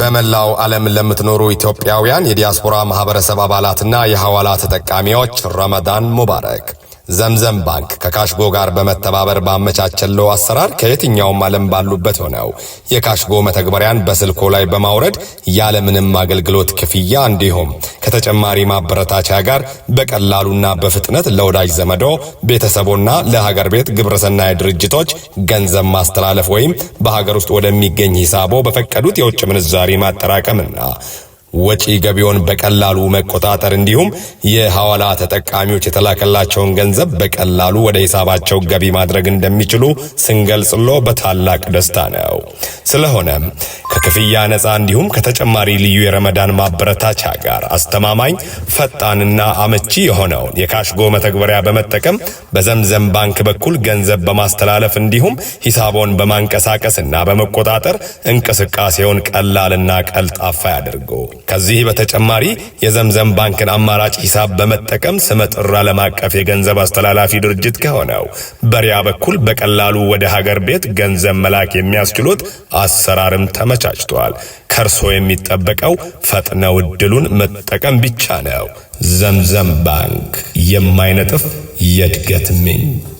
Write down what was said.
በመላው ዓለም ለምትኖሩ ኢትዮጵያውያን የዲያስፖራ ማህበረሰብ አባላትና የሐዋላ ተጠቃሚዎች ረመዳን ሙባረክ። ዘምዘም ባንክ ከካሽጎ ጋር በመተባበር ባመቻቸለው አሰራር ከየትኛውም ዓለም ባሉበት ሆነው የካሽጎ መተግበሪያን በስልኮ ላይ በማውረድ ያለምንም አገልግሎት ክፍያ እንዲሁም ከተጨማሪ ማበረታቻ ጋር በቀላሉና በፍጥነት ለወዳጅ ዘመዶ ቤተሰቦና ለሀገር ቤት ግብረሰናይ ድርጅቶች ገንዘብ ማስተላለፍ ወይም በሀገር ውስጥ ወደሚገኝ ሂሳቦ በፈቀዱት የውጭ ምንዛሪ ማጠራቀምና ወጪ ገቢውን በቀላሉ መቆጣጠር እንዲሁም የሐዋላ ተጠቃሚዎች የተላከላቸውን ገንዘብ በቀላሉ ወደ ሂሳባቸው ገቢ ማድረግ እንደሚችሉ ስንገልጽሎ በታላቅ ደስታ ነው። ስለሆነም ከክፍያ ነፃ እንዲሁም ከተጨማሪ ልዩ የረመዳን ማበረታቻ ጋር አስተማማኝ፣ ፈጣንና አመቺ የሆነውን የካሽጎ መተግበሪያ በመጠቀም በዘምዘም ባንክ በኩል ገንዘብ በማስተላለፍ እንዲሁም ሂሳቦን በማንቀሳቀስና በመቆጣጠር እንቅስቃሴውን ቀላልና ቀልጣፋ ያድርጉ። ከዚህ በተጨማሪ የዘምዘም ባንክን አማራጭ ሂሳብ በመጠቀም ስመጥር ዓለም አቀፍ የገንዘብ አስተላላፊ ድርጅት ከሆነው በሪያ በኩል በቀላሉ ወደ ሀገር ቤት ገንዘብ መላክ የሚያስችሉት አሰራርም ተመቻችቷል። ከእርሶ የሚጠበቀው ፈጥነው እድሉን መጠቀም ብቻ ነው። ዘምዘም ባንክ የማይነጥፍ የእድገት ምንጭ